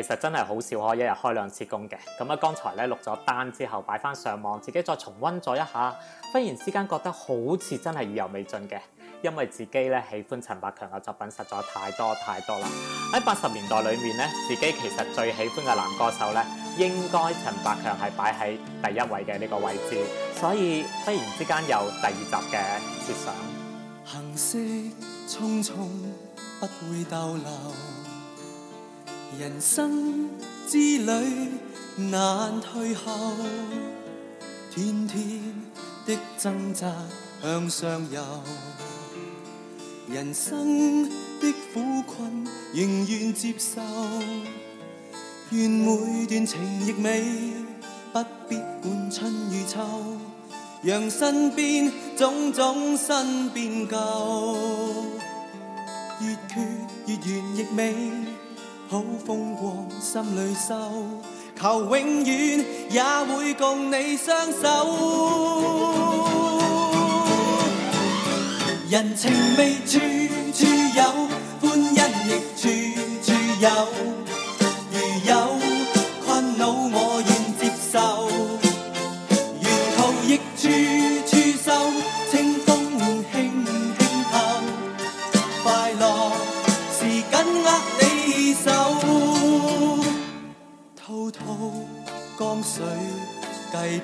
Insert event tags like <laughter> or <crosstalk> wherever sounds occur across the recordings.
其實真係好少可一日開兩次工嘅，咁啊剛才咧錄咗單之後擺翻上網，自己再重温咗一下，忽然之間覺得好似真係意猶未盡嘅，因為自己咧喜歡陳百強嘅作品實在太多太多啦。喺八十年代裏面咧，自己其實最喜歡嘅男歌手咧，應該陳百強係擺喺第一位嘅呢個位置，所以忽然之間有第二集嘅設想。行色匆匆，不會逗留。人生之旅難退後，天天的掙扎向上游。人生的苦困仍願接受，願每段情亦美，不必管春與秋，讓身邊種種新變舊，月缺月圓亦美。好風光，心裏收，求永遠也會共你相守。人情味處處有，歡欣亦處處有。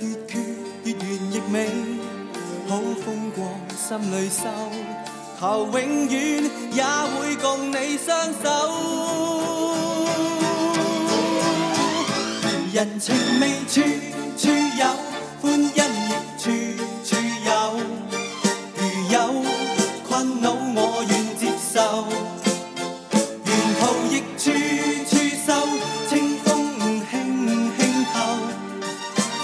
越缺越圓亦美，好風光心裏收，求永遠也會共你相守，人情味處處有，歡欣。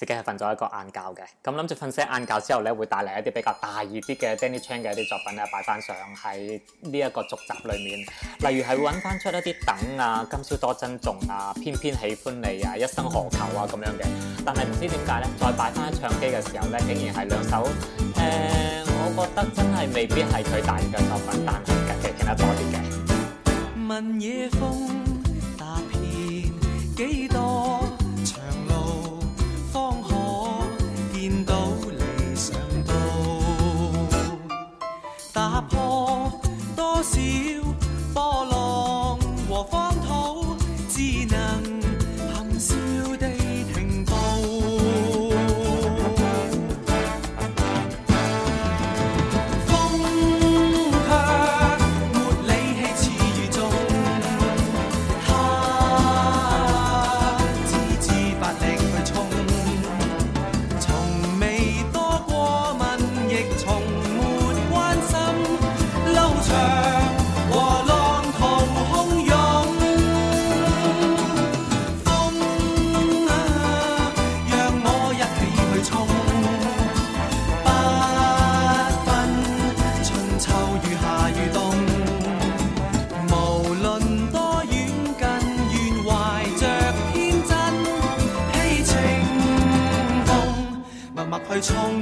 自己係瞓咗一個晏覺嘅，咁諗住瞓醒晏覺之後咧，會帶嚟一啲比較大熱啲嘅 Danny Chan 嘅一啲作品咧，擺翻上喺呢一個續集裏面。例如係會揾翻出一啲等啊，今宵多珍重啊，偏偏喜歡你啊，一生何求啊咁樣嘅。但係唔知點解咧，再擺翻喺唱機嘅時候咧，竟然係兩首誒，嗯、我覺得真係未必係佢大熱嘅作品，但係其實聽得多啲嘅。問夜風踏遍幾多？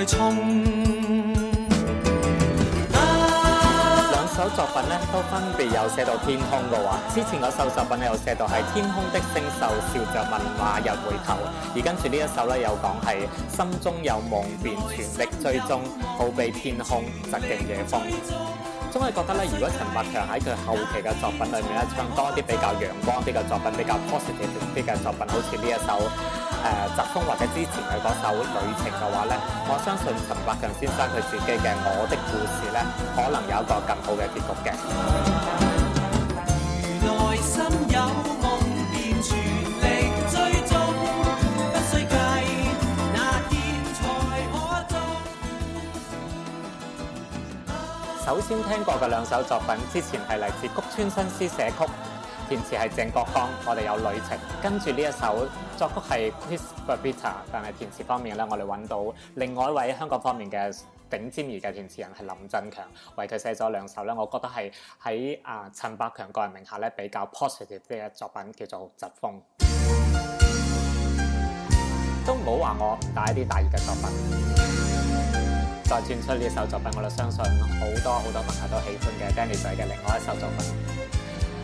兩首作品咧都分別有寫到天空嘅話，之前嗰首作品咧有寫到係天空的星獸笑着問話又回頭，而跟住呢一首咧有講係心中有夢便全力追蹤，好比天空疾勁野風。總係覺得咧，如果陳百強喺佢後期嘅作品裏面咧，多一啲比較陽光啲嘅作品，比較 positive 啲嘅作品，好似呢一首。誒，集中或者之前佢嗰首《旅程》嘅話咧，我相信陳百強先生佢自己嘅《我的故事》咧，可能有一個更好嘅結局嘅。如內心有夢，便全力追蹤，不須計那天才可。首先聽過嘅兩首作品，之前係嚟自谷村新司作曲。填詞係鄭國江，我哋有旅程。跟住呢一首作曲係 Chris Babida，但係填詞方面咧，我哋揾到另外一位香港方面嘅頂尖而嘅填詞人係林振強，為佢寫咗兩首咧，我覺得係喺啊陳百強個人名下咧比較 positive 啲嘅作品，叫做疾風。 <music> 都唔好話我唔帶一啲大熱嘅作品。 <music> 再轉出呢首作品，我哋相信好多好多朋友都喜歡嘅 Danny 仔嘅另外一首作品。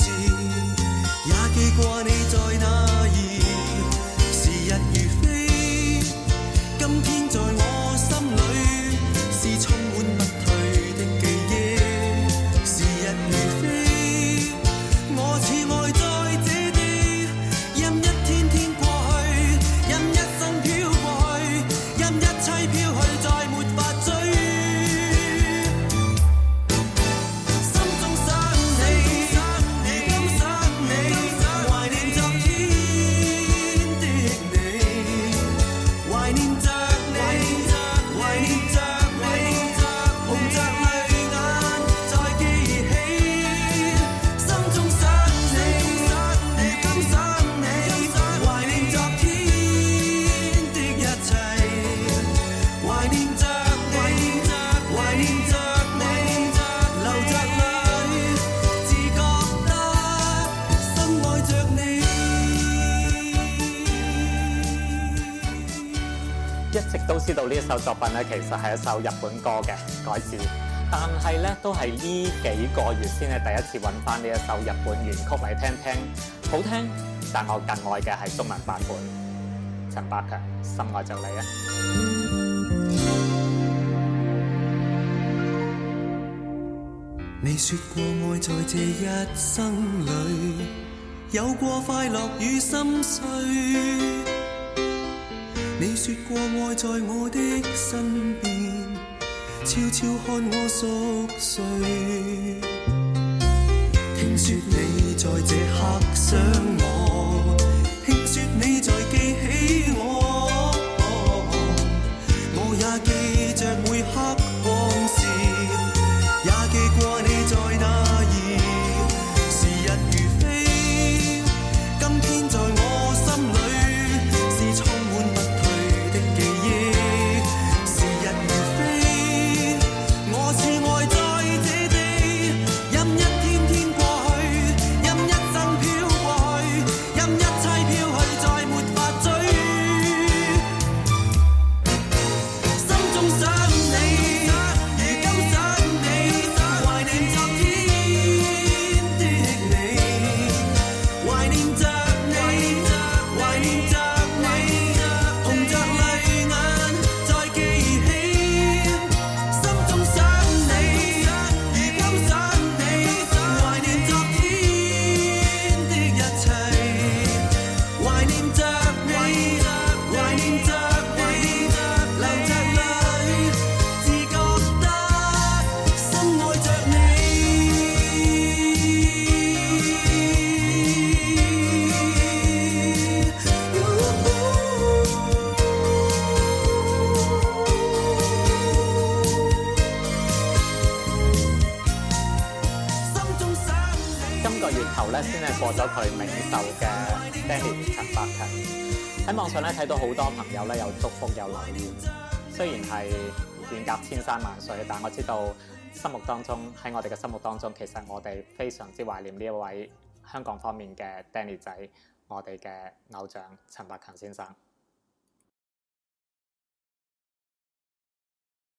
也記掛你。知道呢一首作品咧，其實係一首日本歌嘅改詞，但係咧都係呢幾個月先咧第一次揾翻呢一首日本原曲嚟聽聽，好聽，但我更愛嘅係中文版本。陳百強，深愛就你啊！你説過愛在這一生裏，有過快樂與心碎。你說過愛在我的身邊，悄悄看我熟睡。聽說你在這刻想我。先係過咗佢冥壽嘅 Danny 陳百強，喺網上咧睇到好多朋友咧有祝福有留言，雖然係遠隔千山萬水，但我知道心目當中喺我哋嘅心目當中，其實我哋非常之懷念呢一位香港方面嘅 Danny 仔，我哋嘅偶像陳百強先生。